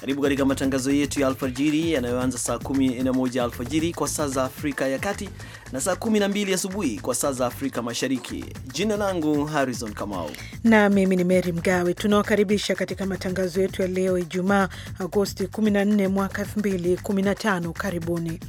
Karibu katika matangazo yetu ya alfajiri yanayoanza saa 11 alfajiri kwa saa za Afrika ya Kati na saa 12 asubuhi kwa saa za Afrika Mashariki. Jina langu Harrison Kamau na mimi ni Mary Mgawe. Tunawakaribisha katika matangazo yetu ya leo Ijumaa, Agosti 14 mwaka 2015. Karibuni.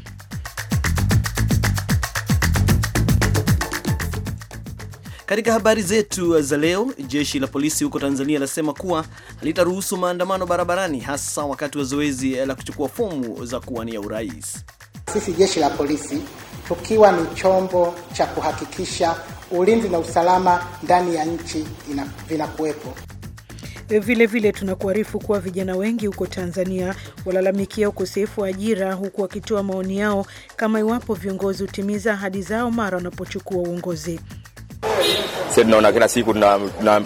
Katika habari zetu za leo, jeshi la polisi huko Tanzania lasema kuwa halitaruhusu maandamano barabarani, hasa wakati wa zoezi la kuchukua fomu za kuwania urais. Sisi jeshi la polisi tukiwa ni chombo cha kuhakikisha ulinzi na usalama ndani ya nchi vinakuwepo. Vile vile tunakuarifu kuwa vijana wengi huko Tanzania walalamikia ukosefu wa ajira, huku wakitoa maoni yao kama iwapo viongozi hutimiza ahadi zao mara wanapochukua uongozi. Sasa tunaona kila siku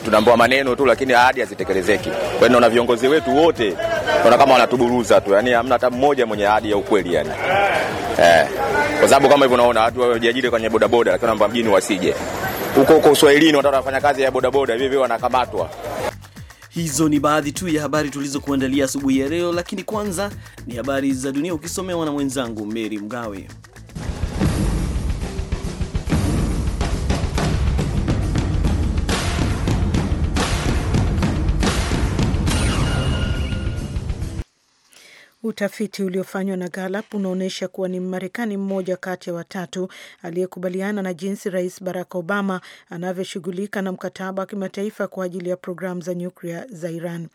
tunaambiwa maneno tu, lakini ahadi hazitekelezeki. Kwa hiyo naona viongozi wetu wote naona kama wanatuburuza tu, yani hamna hata mmoja mwenye ahadi ya ukweli yani. Eh, kwa sababu kama hivyo unaona watu wajiajiri kwenye bodaboda, lakini wanaomba mjini wasije huko huko uswahilini, wanataka kufanya kazi ya bodaboda, vivyo wanakamatwa. Hizo ni baadhi tu ya habari tulizokuandalia asubuhi ya leo, lakini kwanza ni habari za dunia ukisomewa na mwenzangu Mary Mgawe. Utafiti uliofanywa na Gallup unaonyesha kuwa ni Marekani mmoja kati ya watatu aliyekubaliana na jinsi Rais Barack Obama anavyoshughulika na mkataba wa kimataifa kwa ajili ya programu za nyuklia za Iran.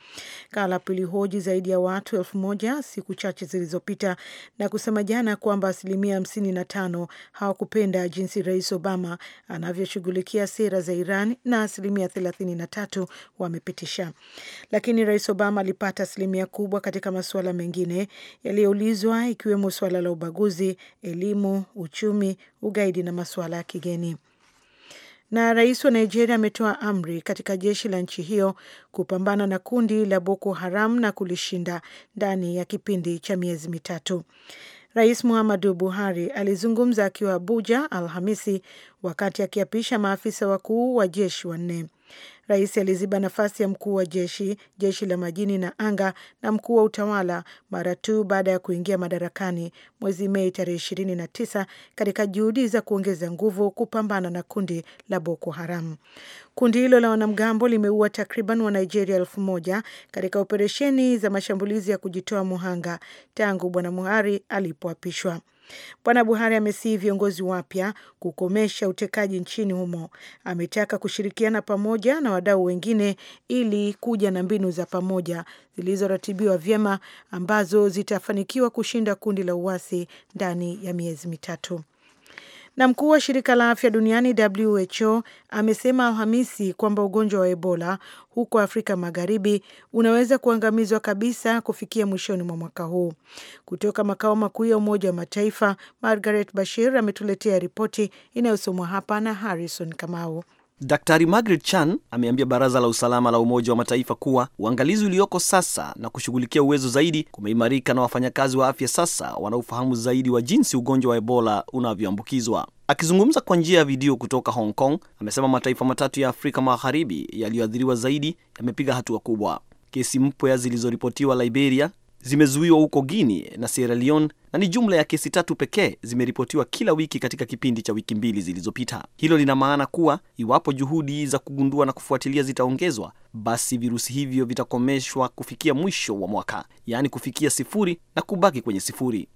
Gallup ilihoji zaidi ya watu elfu moja siku chache zilizopita na kusema jana kwamba asilimia hamsini na tano hawakupenda jinsi Rais Obama anavyoshughulikia sera za Iran na asilimia thelathini na tatu wamepitisha, lakini Rais Obama alipata asilimia kubwa katika masuala mengine nane yaliyoulizwa ikiwemo suala la ubaguzi, elimu, uchumi, ugaidi na masuala ya kigeni. Na rais wa Nigeria ametoa amri katika jeshi la nchi hiyo kupambana na kundi la Boko Haram na kulishinda ndani ya kipindi cha miezi mitatu. Rais Muhammadu Buhari alizungumza akiwa Abuja Alhamisi wakati akiapisha maafisa wakuu wa jeshi wanne. Rais aliziba nafasi ya mkuu wa jeshi, jeshi la majini na anga na mkuu wa utawala mara tu baada ya kuingia madarakani mwezi Mei tarehe tisa katika juhudi za kuongeza nguvu kupambana na kundi la Boko Haram. Kundi hilo la wanamgambo limeua takriban wa Nigeria elfu moja katika operesheni za mashambulizi ya kujitoa muhanga tangu Bwana muhari alipoapishwa. Bwana Buhari amesihi viongozi wapya kukomesha utekaji nchini humo. Ametaka kushirikiana pamoja na wadau wengine ili kuja na mbinu za pamoja zilizoratibiwa vyema ambazo zitafanikiwa kushinda kundi la uasi ndani ya miezi mitatu. Na mkuu wa shirika la afya duniani WHO amesema Alhamisi kwamba ugonjwa wa Ebola huko Afrika Magharibi unaweza kuangamizwa kabisa kufikia mwishoni mwa mwaka huu. Kutoka makao makuu ya Umoja wa Mataifa, Margaret Bashir ametuletea ripoti inayosomwa hapa na Harrison Kamau. Daktari Margaret Chan ameambia baraza la usalama la Umoja wa Mataifa kuwa uangalizi ulioko sasa na kushughulikia uwezo zaidi kumeimarika na wafanyakazi wa afya sasa wanaofahamu zaidi wa jinsi ugonjwa wa Ebola unavyoambukizwa. Akizungumza kwa njia ya video kutoka Hong Kong, amesema mataifa matatu ya Afrika Magharibi yaliyoathiriwa zaidi yamepiga hatua kubwa. Kesi mpya zilizoripotiwa Liberia, zimezuiwa huko Guinea na Sierra Leone na ni jumla ya kesi tatu pekee zimeripotiwa kila wiki katika kipindi cha wiki mbili zilizopita. Hilo lina maana kuwa iwapo juhudi za kugundua na kufuatilia zitaongezwa, basi virusi hivyo vitakomeshwa kufikia mwisho wa mwaka, yaani kufikia sifuri na kubaki kwenye sifuri.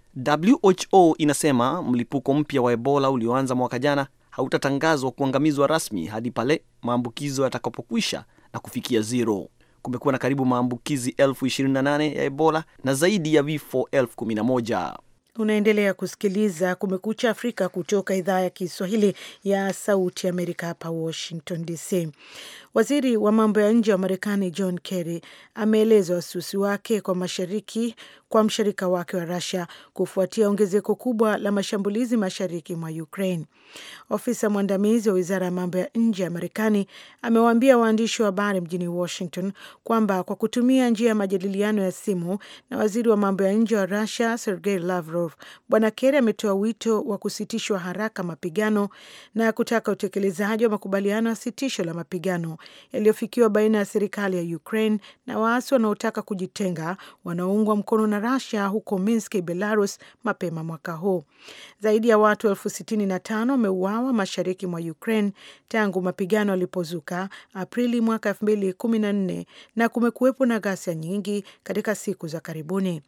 WHO inasema mlipuko mpya wa Ebola ulioanza mwaka jana hautatangazwa kuangamizwa rasmi hadi pale maambukizo yatakapokwisha na kufikia zero kumekuwa na karibu maambukizi elfu 28 ya Ebola na zaidi ya vifo elfu 11. Unaendelea kusikiliza Kumekucha Afrika kutoka idhaa ya Kiswahili ya Sauti Amerika, hapa Washington DC. Waziri wa mambo ya nje wa Marekani John Kerry ameeleza wasiwasi wake kwa mashariki kwa mshirika wake wa rasia kufuatia ongezeko kubwa la mashambulizi mashariki mwa Ukraine. Ofisa mwandamizi wa wizara ya mambo ya nje ya Marekani amewaambia waandishi wa habari mjini Washington kwamba kwa kutumia njia ya majadiliano ya simu na waziri wa mambo ya nje wa rusia Sergei Lavrov Lavrov, Bwana Kerry ametoa wito wa kusitishwa haraka mapigano na kutaka utekelezaji wa makubaliano ya sitisho la mapigano yaliyofikiwa baina ya serikali ya Ukraine na waasi wanaotaka kujitenga wanaoungwa mkono na Russia huko Minsk, Belarus mapema mwaka huu. Zaidi ya watu elfu sitini na tano wameuawa mashariki mwa Ukraine tangu mapigano yalipozuka Aprili mwaka elfu mbili kumi na nne na kumekuwepo na ghasia nyingi katika siku za karibuni.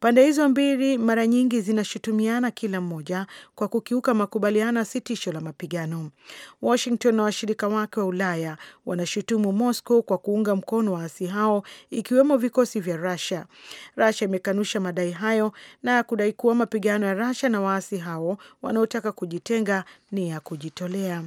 Pande hizo mbili mara nyingi nyingi zinashutumiana kila mmoja kwa kukiuka makubaliano ya sitisho la mapigano. Washington na washirika wake wa Ulaya wanashutumu Moscow kwa kuunga mkono waasi hao, ikiwemo vikosi vya Rusia. Rusia imekanusha madai hayo na kudai kuwa mapigano ya Rusia na waasi hao wanaotaka kujitenga ni ya kujitolea.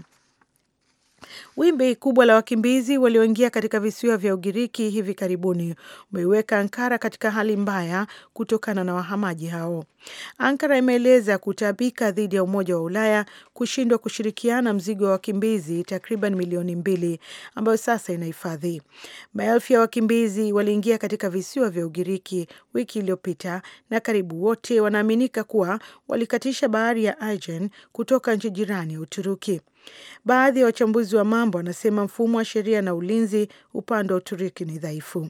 Wimbi kubwa la wakimbizi walioingia katika visiwa vya Ugiriki hivi karibuni umeiweka Ankara katika hali mbaya kutokana na wahamaji hao. Ankara imeeleza kutabika dhidi ya Umoja wa Ulaya kushindwa kushirikiana mzigo wa wakimbizi takriban milioni mbili ambayo sasa inahifadhi. Maelfu ya wakimbizi waliingia katika visiwa vya Ugiriki wiki iliyopita na karibu wote wanaaminika kuwa walikatisha bahari ya Aegean kutoka nchi jirani ya Uturuki. Baadhi ya wa wachambuzi wa mambo wanasema mfumo wa sheria na ulinzi upande wa Uturuki ni dhaifu,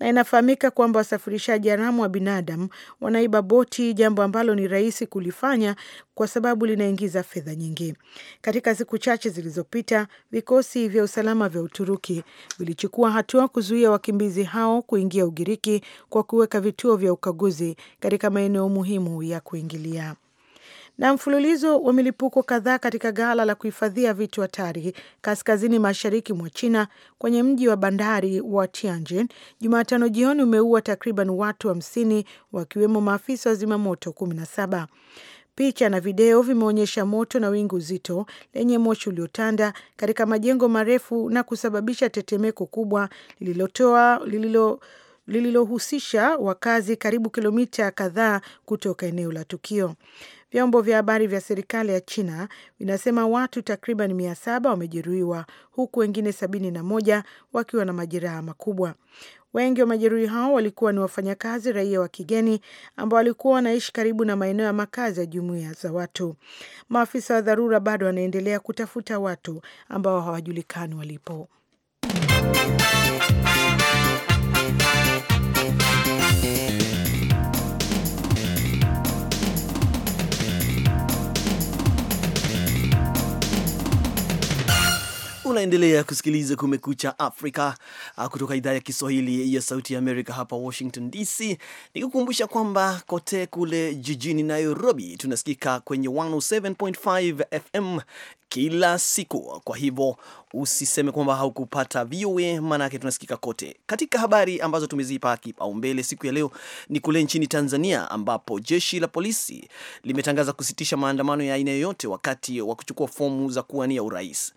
na inafahamika kwamba wasafirishaji haramu wa binadamu wanaiba boti, jambo ambalo ni rahisi kulifanya kwa sababu linaingiza fedha nyingi. Katika siku chache zilizopita, vikosi vya usalama vya Uturuki vilichukua hatua kuzuia wakimbizi hao kuingia Ugiriki kwa kuweka vituo vya ukaguzi katika maeneo muhimu ya kuingilia na mfululizo wa milipuko kadhaa katika ghala la kuhifadhia vitu hatari kaskazini mashariki mwa China kwenye mji wa bandari wa Tianjin Jumatano jioni umeua takriban watu hamsini wa wakiwemo maafisa wa zimamoto saba. Picha na video vimeonyesha moto na wingu zito lenye moshi uliotanda katika majengo marefu na kusababisha tetemeko kubwa lililotoa lililo lililohusisha wakazi karibu kilomita kadhaa kutoka eneo la tukio. Vyombo vya habari vya serikali ya China vinasema watu takriban mia saba wamejeruhiwa huku wengine sabini na moja wakiwa na majeraha makubwa. Wengi wa majeruhi hao walikuwa ni wafanyakazi raia wa kigeni ambao walikuwa wanaishi karibu na maeneo ya makazi ya jumuiya za watu. Maafisa wa dharura bado wanaendelea kutafuta watu ambao hawajulikani walipo. Unaendelea kusikiliza Kumekucha Afrika ah, kutoka idhaa ya Kiswahili ya Sauti ya Amerika hapa Washington DC, nikukumbusha kwamba kote kule jijini Nairobi tunasikika kwenye 107.5 FM kila siku. Kwa hivyo usiseme kwamba haukupata VOA, maanake tunasikika kote. Katika habari ambazo tumezipa kipaumbele siku ya leo ni kule nchini Tanzania, ambapo jeshi la polisi limetangaza kusitisha maandamano ya aina yoyote wakati wa kuchukua fomu za kuwania urais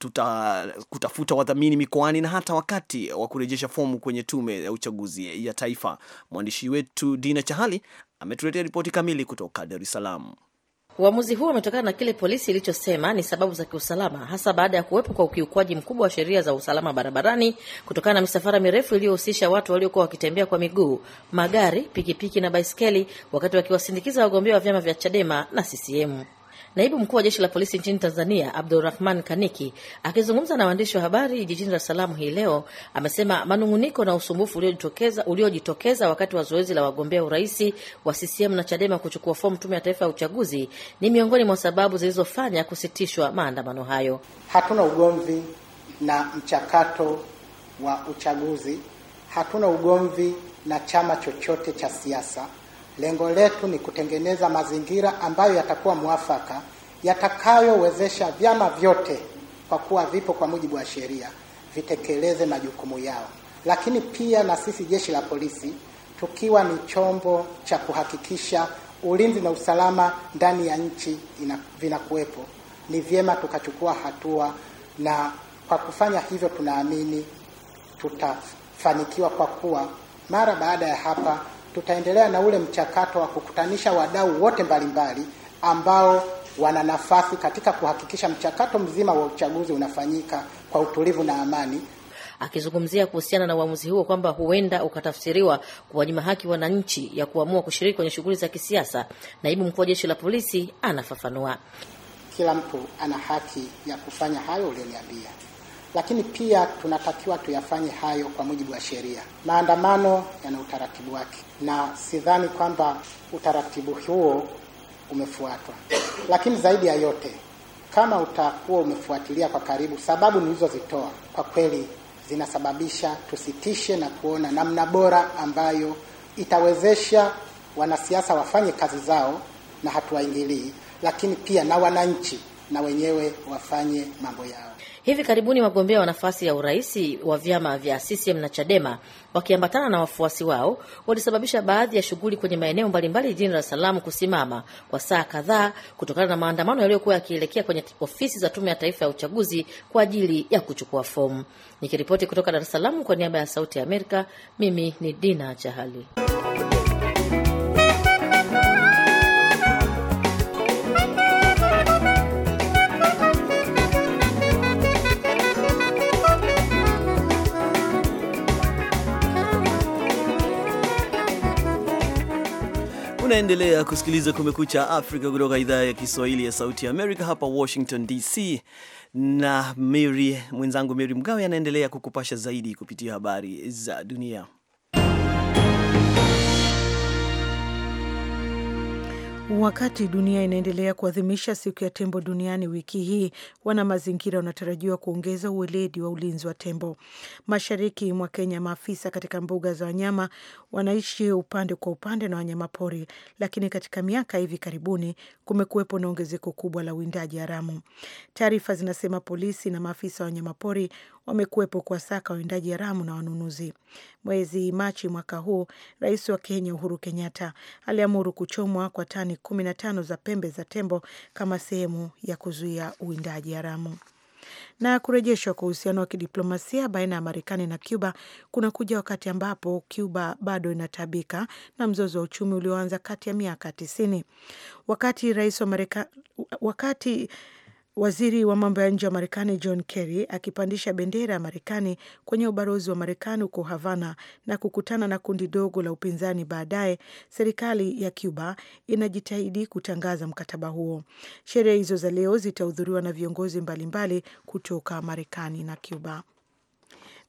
tuta kutafuta wadhamini mikoani na hata wakati wa kurejesha fomu kwenye tume ya uchaguzi ya taifa. Mwandishi wetu Dina Chahali ametuletea ripoti kamili kutoka Dar es Salaam. Uamuzi huo umetokana na kile polisi ilichosema ni sababu za kiusalama, hasa baada ya kuwepo kwa ukiukwaji mkubwa wa sheria za usalama barabarani kutokana na misafara mirefu iliyohusisha watu waliokuwa wakitembea kwa miguu, magari, pikipiki na baiskeli, wakati wakiwasindikiza wagombea wa vyama vya Chadema na CCM. Naibu mkuu wa jeshi la polisi nchini Tanzania Abdurrahman Kaniki akizungumza na waandishi wa habari jijini Dar es Salaam hii leo amesema manung'uniko na usumbufu uliojitokeza uliojitokeza wakati wa zoezi la wagombea urais wa CCM na Chadema kuchukua fomu Tume ya Taifa ya Uchaguzi ni miongoni mwa sababu zilizofanya kusitishwa maandamano hayo. Hatuna ugomvi na mchakato wa uchaguzi, hatuna ugomvi na chama chochote cha siasa Lengo letu ni kutengeneza mazingira ambayo yatakuwa mwafaka yatakayowezesha vyama vyote kwa kuwa vipo kwa mujibu wa sheria vitekeleze majukumu yao, lakini pia na sisi jeshi la polisi tukiwa ni chombo cha kuhakikisha ulinzi na usalama ndani ya nchi vinakuwepo, ni vyema tukachukua hatua, na kwa kufanya hivyo tunaamini tutafanikiwa, kwa kuwa mara baada ya hapa tutaendelea na ule mchakato wa kukutanisha wadau wote mbalimbali ambao wana nafasi katika kuhakikisha mchakato mzima wa uchaguzi unafanyika kwa utulivu na amani. Akizungumzia kuhusiana na uamuzi huo kwamba huenda ukatafsiriwa kuwanyima haki wananchi ya kuamua kushiriki kwenye shughuli za kisiasa, naibu mkuu wa jeshi la polisi anafafanua. Kila mtu ana haki ya kufanya hayo uliyoniambia lakini pia tunatakiwa tuyafanye hayo kwa mujibu wa sheria. Maandamano yana utaratibu wake, na sidhani kwamba utaratibu huo umefuatwa. Lakini zaidi ya yote, kama utakuwa umefuatilia kwa karibu, sababu nilizozitoa kwa kweli zinasababisha tusitishe na kuona namna bora ambayo itawezesha wanasiasa wafanye kazi zao na hatuwaingilii, lakini pia na wananchi na wenyewe wafanye mambo yao. Hivi karibuni wagombea wa nafasi ya urais wa vyama vya CCM na Chadema wakiambatana na wafuasi wao walisababisha baadhi ya shughuli kwenye maeneo mbalimbali jijini Dar es Salaam kusimama kwa saa kadhaa kutokana na maandamano yaliyokuwa yakielekea kwenye ofisi za Tume ya Taifa ya Uchaguzi kwa ajili ya kuchukua fomu. Nikiripoti kutoka Dar es Salaam kwa niaba ya Sauti ya Amerika, mimi ni Dina Chahali. Unaendelea kusikiliza Kumekucha Afrika kutoka idhaa ya Kiswahili ya Sauti ya Amerika hapa Washington DC, na Mary mwenzangu Mary Mgawe anaendelea kukupasha zaidi kupitia habari za dunia. Wakati dunia inaendelea kuadhimisha siku ya tembo duniani wiki hii, wana mazingira wanatarajiwa kuongeza uweledi wa ulinzi wa tembo mashariki mwa Kenya. Maafisa katika mbuga za wanyama wanaishi upande kwa upande na wanyamapori, lakini katika miaka hivi karibuni kumekuwepo na ongezeko kubwa la uwindaji haramu. Taarifa zinasema polisi na maafisa wa wanyamapori wamekuwepo kuwasaka wawindaji haramu na wanunuzi. Mwezi Machi mwaka huu, rais wa Kenya Uhuru Kenyatta aliamuru kuchomwa kwa tani kumi na tano za pembe za tembo kama sehemu ya kuzuia uwindaji haramu na kurejeshwa kwa uhusiano wa kidiplomasia baina ya Marekani na Cuba kunakuja wakati ambapo Cuba bado inatabika na mzozo wa uchumi ulioanza kati ya miaka tisini wakati rais wa Marekani wakati Waziri wa mambo ya nje wa Marekani John Kerry akipandisha bendera ya Marekani kwenye ubalozi wa Marekani huko Havana na kukutana na kundi dogo la upinzani baadaye. Serikali ya Cuba inajitahidi kutangaza mkataba huo. Sherehe hizo za leo zitahudhuriwa na viongozi mbalimbali kutoka Marekani na Cuba.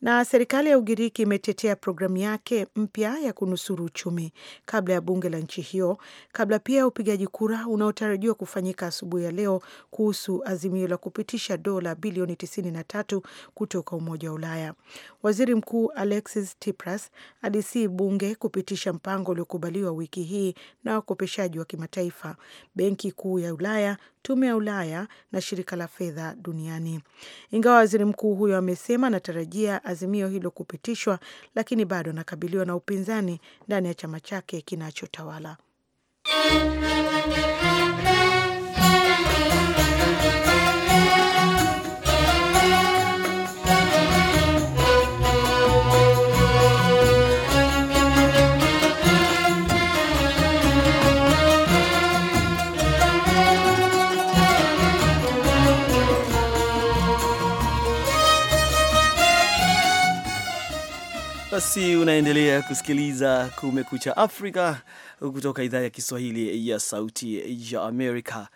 Na serikali ya Ugiriki imetetea programu yake mpya ya kunusuru uchumi kabla ya bunge la nchi hiyo, kabla pia ya upigaji kura unaotarajiwa kufanyika asubuhi ya leo kuhusu azimio la kupitisha dola bilioni 93 kutoka Umoja wa Ulaya. Waziri Mkuu Alexis Tsipras alisii bunge kupitisha mpango uliokubaliwa wiki hii na wakopeshaji wa kimataifa, Benki Kuu ya Ulaya, Tume ya Ulaya na Shirika la Fedha Duniani, ingawa waziri mkuu huyo amesema anatarajia azimio hilo kupitishwa, lakini bado anakabiliwa na upinzani ndani ya chama chake kinachotawala. Basi unaendelea kusikiliza Kumekucha Afrika kutoka idhaa ya Kiswahili ya Sauti ya Amerika.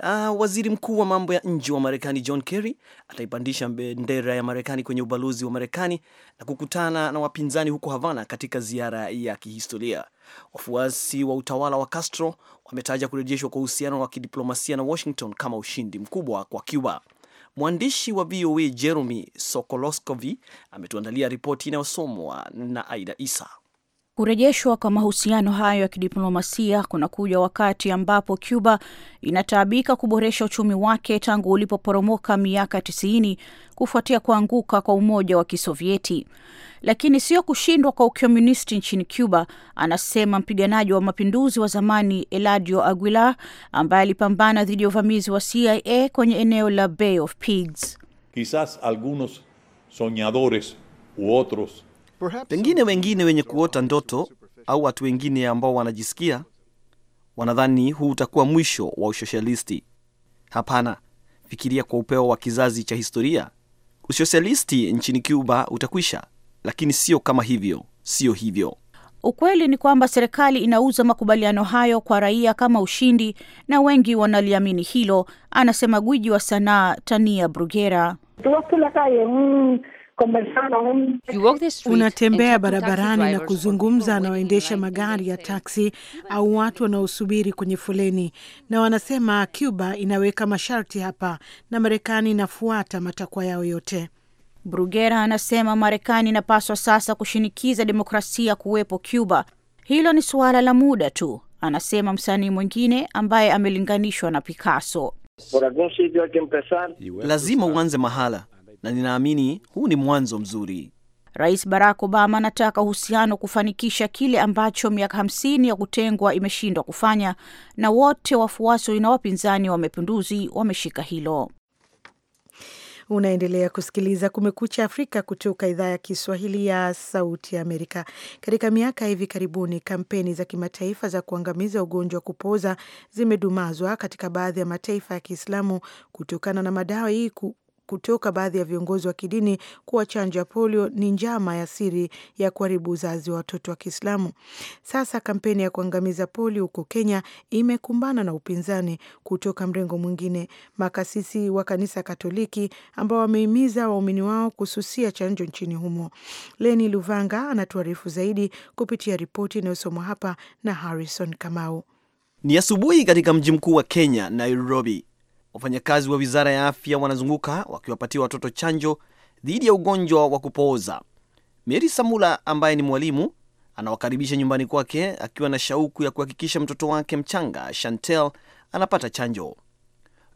Uh, waziri mkuu wa mambo ya nje wa Marekani John Kerry ataipandisha bendera ya Marekani kwenye ubalozi wa Marekani na kukutana na wapinzani huko Havana katika ziara ya kihistoria. Wafuasi wa utawala wa Castro wametaja kurejeshwa kwa uhusiano wa kidiplomasia na Washington kama ushindi mkubwa kwa Cuba. Mwandishi wa VOA Jeremy sokoloskovi ametuandalia ripoti inayosomwa na Aida Isa. Kurejeshwa kwa mahusiano hayo ya kidiplomasia kunakuja wakati ambapo Cuba inataabika kuboresha uchumi wake tangu ulipoporomoka miaka 90 kufuatia kuanguka kwa Umoja wa Kisovieti, lakini sio kushindwa kwa ukomunisti nchini Cuba, anasema mpiganaji wa mapinduzi wa zamani Eladio Aguilar ambaye alipambana dhidi ya uvamizi wa CIA kwenye eneo la Bay of Pigs. Quizás algunos soñadores u otros Pengine wengine wenye kuota ndoto au watu wengine ambao wanajisikia wanadhani huu utakuwa mwisho wa usosialisti Hapana, fikiria kwa upeo wa kizazi cha historia. usosialisti nchini Cuba utakwisha, lakini sio kama hivyo, sio hivyo. Ukweli ni kwamba serikali inauza makubaliano hayo kwa raia kama ushindi, na wengi wanaliamini hilo, anasema gwiji wa sanaa Tania brugera Unatembea barabarani na kuzungumza na waendesha magari ya taksi au watu wanaosubiri kwenye foleni, na wanasema Cuba inaweka masharti hapa na Marekani inafuata matakwa yao yote. Brugera anasema Marekani inapaswa sasa kushinikiza demokrasia kuwepo Cuba. Hilo ni suala la muda tu, anasema msanii mwingine ambaye amelinganishwa na Picasso. Lazima uanze mahala na ninaamini huu ni mwanzo mzuri. Rais Barack Obama anataka uhusiano kufanikisha kile ambacho miaka hamsini ya kutengwa imeshindwa kufanya, na wote wafuasi na wapinzani wa mapinduzi wameshika hilo. Unaendelea kusikiliza Kumekucha Afrika kutoka idhaa ya Kiswahili ya Sauti ya Amerika. Katika miaka hivi karibuni, kampeni za kimataifa za kuangamiza ugonjwa wa kupoza zimedumazwa katika baadhi ya mataifa ya Kiislamu kutokana na madai kutoka baadhi ya viongozi wa kidini kuwa chanjo ya polio ni njama ya siri ya kuharibu uzazi wa watoto wa Kiislamu. Sasa kampeni ya kuangamiza polio huko Kenya imekumbana na upinzani kutoka mrengo mwingine. Makasisi wa kanisa Katoliki ambao wamehimiza waumini wao kususia chanjo nchini humo. Leni Luvanga anatuarifu zaidi kupitia ripoti inayosomwa hapa na Harrison Kamau. Ni asubuhi katika mji mkuu wa Kenya, Nairobi. Wafanyakazi wa wizara ya afya wanazunguka wakiwapatia watoto chanjo dhidi ya ugonjwa wa kupooza. Mary Samula ambaye ni mwalimu anawakaribisha nyumbani kwake akiwa na shauku ya kuhakikisha mtoto wake mchanga Chantel anapata chanjo.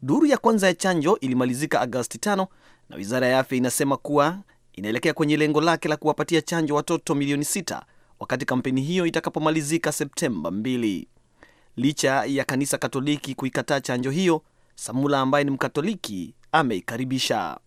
Duru ya kwanza ya chanjo ilimalizika Agosti 5 na wizara ya afya inasema kuwa inaelekea kwenye lengo lake la kuwapatia chanjo watoto milioni 6 wakati kampeni hiyo itakapomalizika Septemba 2. Licha ya kanisa Katoliki kuikataa chanjo hiyo, Samula ambaye ni Mkatoliki ameikaribisha.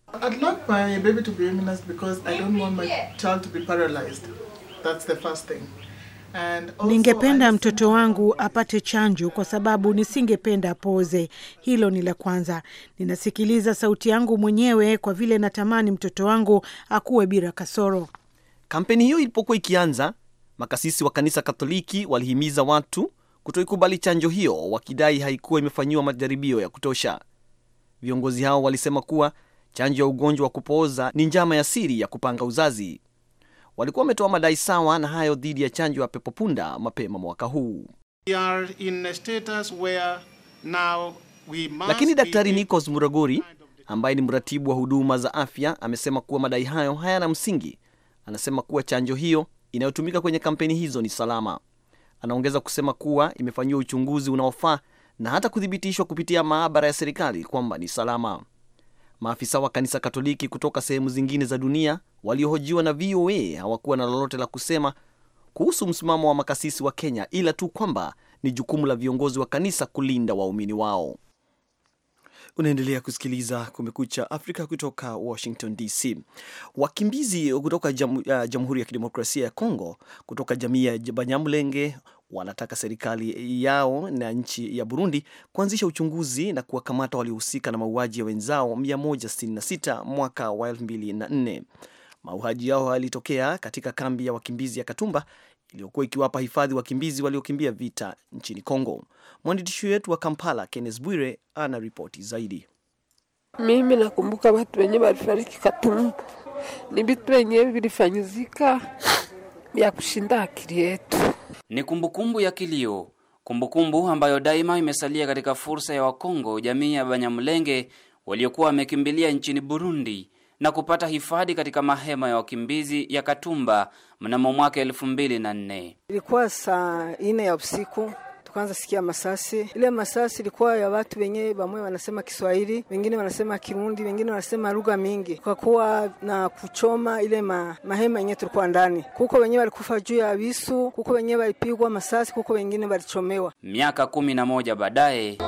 Ningependa mtoto wangu apate chanjo kwa sababu nisingependa poze. Hilo ni la kwanza. Ninasikiliza sauti yangu mwenyewe kwa vile natamani mtoto wangu akuwe bila kasoro. Kampeni hiyo ilipokuwa ikianza, makasisi wa kanisa Katoliki walihimiza watu kutoikubali chanjo hiyo, wakidai haikuwa imefanyiwa majaribio ya kutosha. Viongozi hao walisema kuwa chanjo ya ugonjwa wa kupooza ni njama ya siri ya kupanga uzazi. Walikuwa wametoa madai sawa na hayo dhidi ya chanjo ya pepo punda mapema mwaka huu. Lakini Daktari Nicos Muragori ambaye ni mratibu wa huduma za afya amesema kuwa madai hayo hayana msingi. Anasema kuwa chanjo hiyo inayotumika kwenye kampeni hizo ni salama. Anaongeza kusema kuwa imefanyiwa uchunguzi unaofaa na hata kuthibitishwa kupitia maabara ya serikali kwamba ni salama. Maafisa wa kanisa Katoliki kutoka sehemu zingine za dunia waliohojiwa na VOA hawakuwa na lolote la kusema kuhusu msimamo wa makasisi wa Kenya, ila tu kwamba ni jukumu la viongozi wa kanisa kulinda waumini wao. Unaendelea kusikiliza Kumekucha Afrika kutoka Washington DC. Wakimbizi kutoka jam, uh, Jamhuri ya Kidemokrasia ya Kongo kutoka jamii ya Banyamulenge wanataka serikali yao na nchi ya Burundi kuanzisha uchunguzi na kuwakamata waliohusika na mauaji ya wenzao 166 mwaka wa 2004. Mauaji yao yalitokea katika kambi ya wakimbizi ya Katumba iliyokuwa ikiwapa hifadhi wakimbizi waliokimbia vita nchini Kongo. Mwandishi wetu wa Kampala, Kenneth Bwire, ana ripoti zaidi. Mimi nakumbuka watu wenye walifariki Katumu, ni vitu wenye vilifanyizika vya kushinda akili yetu, ni kumbukumbu ya kilio, kumbukumbu ambayo daima imesalia katika fursa ya Wakongo, jamii ya Banyamulenge waliokuwa wamekimbilia nchini Burundi na kupata hifadhi katika mahema ya wakimbizi ya Katumba mnamo mwaka elfu mbili na nne. Ilikuwa saa ine ya usiku tukaanza sikia masasi. Ile masasi ilikuwa ya watu wenye bamwe wanasema Kiswahili, wengine wanasema Kirundi, wengine wanasema lugha mingi. Tukakuwa na kuchoma ile ma, mahema yenye tulikuwa ndani. Kuko wenyewe walikufa juu ya visu, kuko wenyewe walipigwa masasi, kuko wengine walichomewa. Miaka kumi na moja baadaye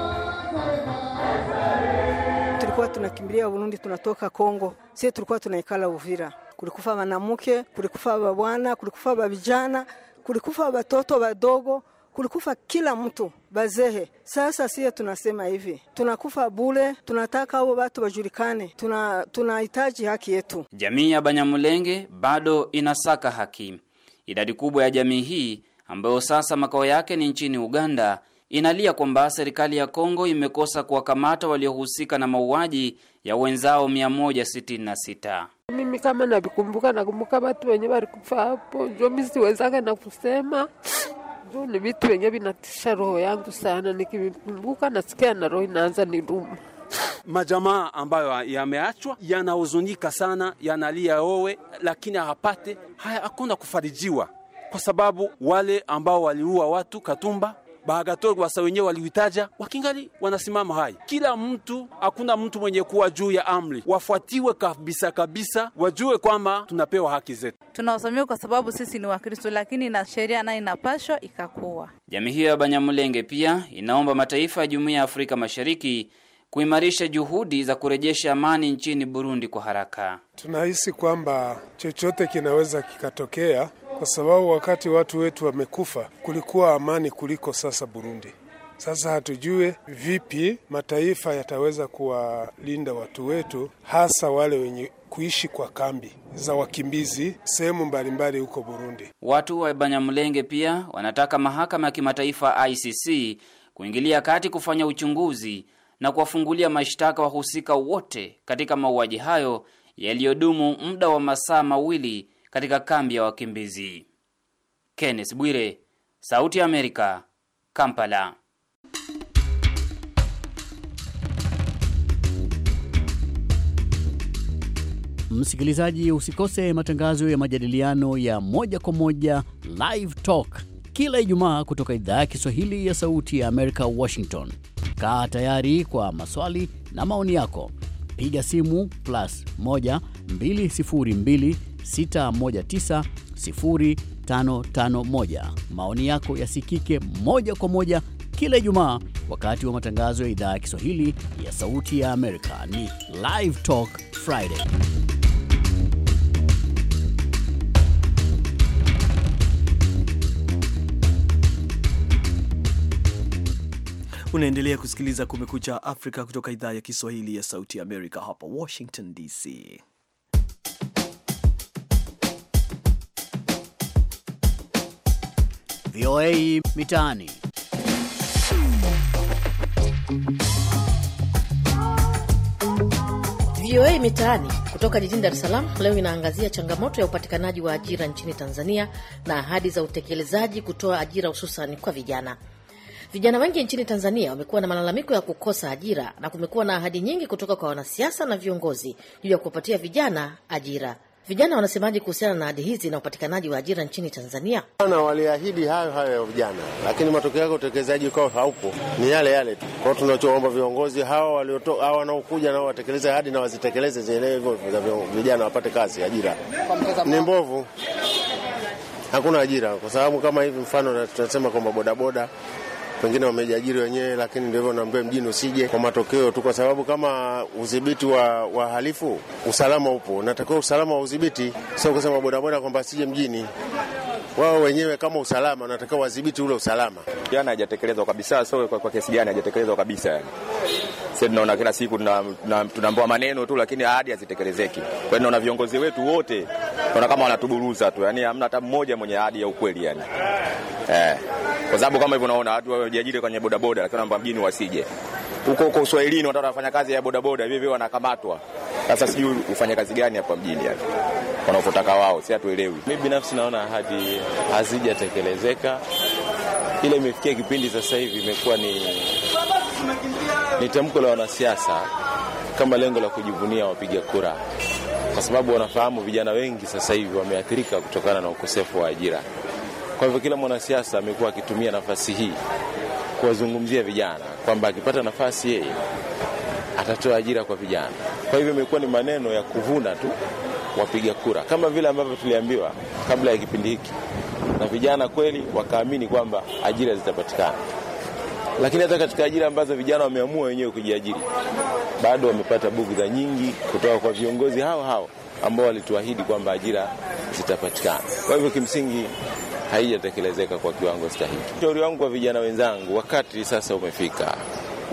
tulikuwa tunakimbilia Burundi, tunatoka Kongo, sisi tulikuwa tunaikala Uvira. Kulikufa wanamuke, kulikufa babwana, kulikufa babijana, kulikufa batoto badogo, kulikufa kila mtu bazehe. Sasa sisi tunasema hivi, tunakufa bule, tunataka hao watu wajulikane, tunahitaji tuna haki yetu. Jamii ya Banyamulenge bado inasaka haki. Idadi kubwa ya jamii hii ambayo sasa makao yake ni nchini Uganda inalia kwamba serikali ya Kongo imekosa kuwakamata waliohusika na mauaji ya wenzao 166. Mimi kama navikumbuka, nakumbuka watu wenye walikufa hapo, jo mimi siwezaga na kusema ndio ni vitu wenye vinatisha roho yangu sana, nikivikumbuka nasikia na roho inaanza niruma. Majamaa ambayo yameachwa yanahuzunika sana, yanalia owe, lakini hapate haya hakuna kufarijiwa, kwa sababu wale ambao waliua watu Katumba Bahagatorwa wasa wenyewe walihitaja wakingali wanasimama hai. Kila mtu, hakuna mtu mwenye kuwa juu ya amri, wafuatiwe kabisa kabisa, wajue kwamba tunapewa haki zetu. Tunawasamehe kwa sababu sisi ni Wakristo, lakini na sheria nayo inapashwa ikakuwa. Jamii hiyo ya Banyamulenge pia inaomba mataifa ya Jumuiya ya Afrika Mashariki kuimarisha juhudi za kurejesha amani nchini Burundi kwa haraka. Tunahisi kwamba chochote kinaweza kikatokea kwa sababu wakati watu wetu wamekufa kulikuwa amani kuliko sasa Burundi. Sasa hatujue vipi mataifa yataweza kuwalinda watu wetu, hasa wale wenye kuishi kwa kambi za wakimbizi sehemu mbalimbali huko Burundi. Watu wa Banyamulenge pia wanataka mahakama ya kimataifa ICC kuingilia kati kufanya uchunguzi na kuwafungulia mashtaka wahusika wote katika mauaji hayo yaliyodumu muda wa masaa mawili katika kambi ya wakimbizi. Kenneth Bwire, Sauti ya Amerika, Kampala. Msikilizaji, usikose matangazo ya majadiliano ya moja kwa moja Live Talk kila Ijumaa kutoka idhaa ya Kiswahili ya Sauti ya Amerika, Washington. Kaa tayari kwa maswali na maoni yako, piga simu plus 1 202 619 Maoni yako yasikike moja kwa moja kila Ijumaa wakati wa matangazo ya idhaa ya Kiswahili ya Sauti ya Amerika. Ni Live Talk Friday. Unaendelea kusikiliza Kumekucha Afrika kutoka idhaa ya Kiswahili ya Sauti ya Amerika hapa Washington DC. VOA Mitaani. VOA Mitaani kutoka jijini Dar es Salaam leo inaangazia changamoto ya upatikanaji wa ajira nchini Tanzania na ahadi za utekelezaji kutoa ajira hususan kwa vijana. Vijana wengi nchini Tanzania wamekuwa na malalamiko ya kukosa ajira na kumekuwa na ahadi nyingi kutoka kwa wanasiasa na viongozi juu ya kuwapatia vijana ajira. Vijana wanasemaje kuhusiana na ahadi hizi na upatikanaji wa ajira nchini Tanzania? Na waliahidi hayo hayo ya vijana, lakini matokeo yake utekelezaji ukawa haupo, ni yale yale tu. Kwao tunachoomba viongozi hawa waliotoka, hawa wanaokuja nao watekeleze ahadi na wazitekeleze zenyewe, hivyo vijana wapate kazi, ajira. Ni mbovu, hakuna ajira kwa sababu kama hivi, mfano tunasema kwamba bodaboda wengine wamejiajiri wenyewe, lakini hivyo, naambia mjini usije kwa matokeo tu, kwa sababu kama udhibiti wa wahalifu, usalama upo, natakiwa usalama wa udhibiti, sio kusema bodaboda kwamba asije mjini wao wenyewe kama usalama natakiwa wadhibiti ule usalama. Jana hajatekelezwa kabisa, so kwa, kwa kesi gani hajatekelezwa kabisa yani. Sisi tunaona kila siku tunaambiwa maneno tu, lakini ahadi hazitekelezeki. Kwa hiyo naona viongozi wetu wote naona kama wanatuburuza tu, yani hamna hata mmoja mwenye ahadi ya ukweli yani eh kwa sababu kama hivyo unaona watu wajiajiri kwenye bodaboda, lakini naomba mjini wasije huko huko uswahilini, wanataka wafanya kazi ya bodaboda hivi hivi wanakamatwa. Sasa sijui ufanye kazi gani hapa mjini hapa wanavyotaka wao, si hatuelewi. Mimi binafsi naona hadi hazijatekelezeka ile, imefikia kipindi sasa hivi imekuwa ni ni tamko la wanasiasa kama lengo la kujivunia wapiga kura, kwa sababu wanafahamu vijana wengi sasa hivi wameathirika kutokana na ukosefu wa ajira. Kwa hivyo kila mwanasiasa amekuwa akitumia nafasi hii kuwazungumzia vijana kwamba akipata nafasi yeye atatoa ajira kwa vijana. Kwa hivyo imekuwa ni maneno ya kuvuna tu wapiga kura, kama vile ambavyo tuliambiwa kabla ya kipindi hiki, na vijana kweli wakaamini kwamba ajira zitapatikana. Lakini hata katika ajira ambazo vijana wameamua wenyewe kujiajiri, bado wamepata bugudha nyingi kutoka kwa viongozi hao hao ambao walituahidi kwamba ajira zitapatikana. Kwa hivyo kimsingi haijatekelezeka kwa kiwango stahiki. Ushauri wangu kwa vijana wenzangu, wakati sasa umefika,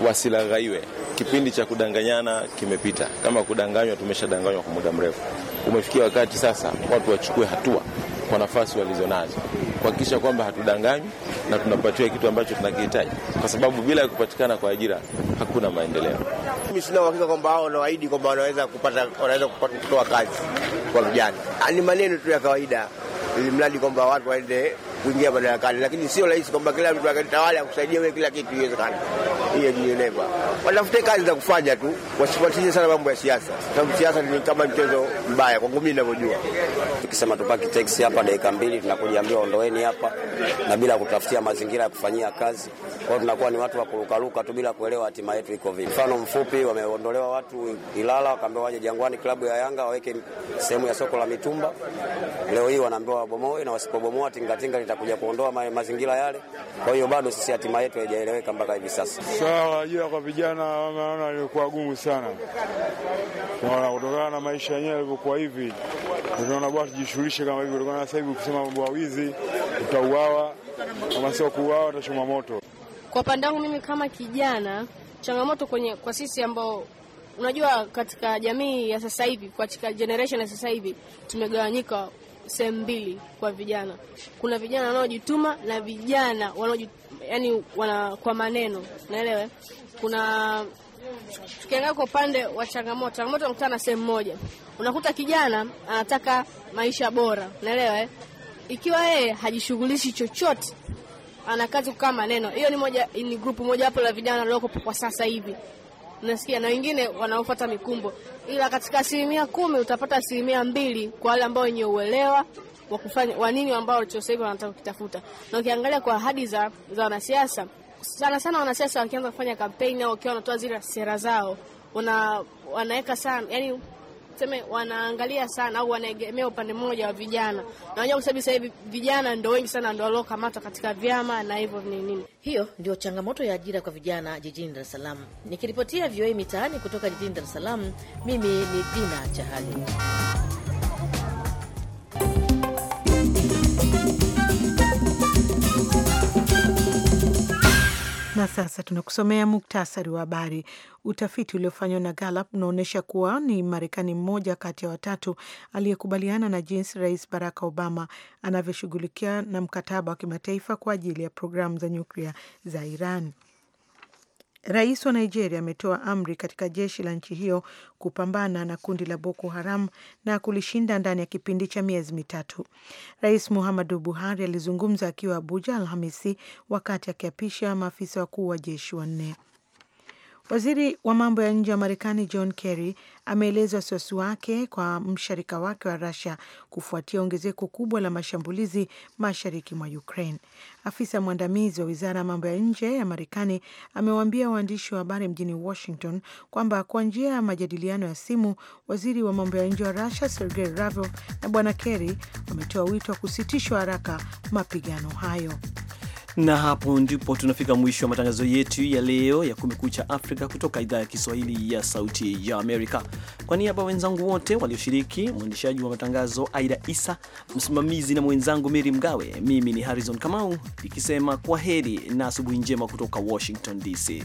wasilaghaiwe. Kipindi cha kudanganyana kimepita. Kama kudanganywa, tumeshadanganywa kwa muda mrefu. Umefikia wakati sasa watu wachukue hatua kwa nafasi walizonazo kuhakikisha kwamba hatudanganywi na tunapatiwa kitu ambacho tunakihitaji, kwa sababu bila ya kupatikana kwa ajira hakuna maendeleo. Mimi sina uhakika kwamba hao wanaoahidi kwamba wanaweza kupata wanaweza kutoa kazi kwa vijana, ni maneno tu ya kawaida ili mradi kwamba watu waende kuingia madarakani, lakini sio rahisi kwamba kila mtu akitawala akusaidia wewe kila kitu, iwezekana hiyo neva, Watafute kazi za kufanya tu, wasifuatilie sana mambo ya siasa, sababu siasa ni kama mchezo mbaya kwangu mimi ninavyojua. Tukisema tupaki teksi hapa dakika mbili tunakujaambia ondoeni hapa, na bila kutafutia mazingira ya kufanyia kazi. Kwa hiyo tunakuwa ni watu wa kurukaruka tu bila kuelewa hatima yetu iko vipi. Mfano mfupi, wameondolewa watu Ilala, wakaambiwa waje Jangwani, klabu ya Yanga waweke sehemu ya soko la mitumba. Leo hii wanaambiwa wabomoe, na wasipobomoa tingatinga litakuja kuondoa ma mazingira yale. Kwa hiyo bado sisi hatima yetu haijaeleweka mpaka hivi sasa. Sawa, ajira kwa vijana wameona ilikuwa gumu sana, kutokana na maisha yenyewe kwa hivi, tunaona bwana, tujishughulishe kama hivi, kutokana sasa hivi ukisema mambo ya wizi utauawa, kama sio kuuawa utachoma moto. Kwa upande wangu mimi kama kijana, changamoto kwenye kwa sisi ambao unajua katika jamii ya sasa hivi, katika generation ya sasa hivi tumegawanyika sehemu mbili kwa vijana. Kuna vijana wanaojituma na vijana wanao, yani wana, kwa maneno naelewe, kuna Tukiangalia kwa upande wa changamoto, changamoto unakutana na sehemu moja, unakuta kijana anataka maisha bora, unaelewa eh? Ikiwa yeye hajishughulishi chochote, ana kazi kukaa maneno, hiyo ni moja, ni grupu moja hapo la vijana walioko kwa sasa hivi, unasikia, na wengine wanaofuata mikumbo, ila katika asilimia kumi utapata asilimia mbili kwa wale ambao wenye uelewa wa kufanya wa nini ambao sasa hivi wanataka kukitafuta, na ukiangalia kwa ahadi za, za wanasiasa sana sana wanasiasa wakianza kufanya kampeni au wakiwa wanatoa zile sera zao, wana, wanaweka sana yani tuseme wanaangalia sana au wanaegemea upande mmoja wa vijana, na wenyewe sababu sasa hivi vijana ndio wengi sana ndio waliokamatwa katika vyama na hivyo ni nini. Hiyo ndio changamoto ya ajira kwa vijana jijini Dar es Salaam. Nikiripotia VOA mitaani kutoka jijini Dar es Salaam, mimi ni Dina Chahali. Na sasa tunakusomea muktasari wa habari. Utafiti uliofanywa na Gallup unaonyesha kuwa ni Marekani mmoja kati ya watatu aliyekubaliana na jinsi Rais Barack Obama anavyoshughulikia na mkataba wa kimataifa kwa ajili ya programu za nyuklia za Iran. Rais wa Nigeria ametoa amri katika jeshi la nchi hiyo kupambana na kundi la Boko Haram na kulishinda ndani ya kipindi cha miezi mitatu. Rais Muhammadu Buhari alizungumza akiwa Abuja Alhamisi wakati akiapisha maafisa wakuu wa jeshi wanne. Waziri wa mambo ya nje wa Marekani John Kerry ameeleza wasiwasi wake kwa mshirika wake wa rasia kufuatia ongezeko kubwa la mashambulizi mashariki mwa Ukraine. Afisa mwandamizi wa wizara ya mambo ya nje ya Marekani amewaambia waandishi wa habari mjini Washington kwamba kwa njia ya majadiliano ya simu, waziri wa mambo ya nje wa rusia Sergei Lavrov na bwana Kerry wametoa wito wa kusitishwa haraka mapigano hayo. Na hapo ndipo tunafika mwisho wa matangazo yetu ya leo ya Kumekucha Afrika kutoka idhaa ya Kiswahili ya Sauti ya Amerika. Kwa niaba wenzangu wote walioshiriki, mwendeshaji wa matangazo Aida Isa, msimamizi na mwenzangu Meri Mgawe, mimi ni Harrison Kamau ikisema kwa heri na asubuhi njema kutoka Washington DC.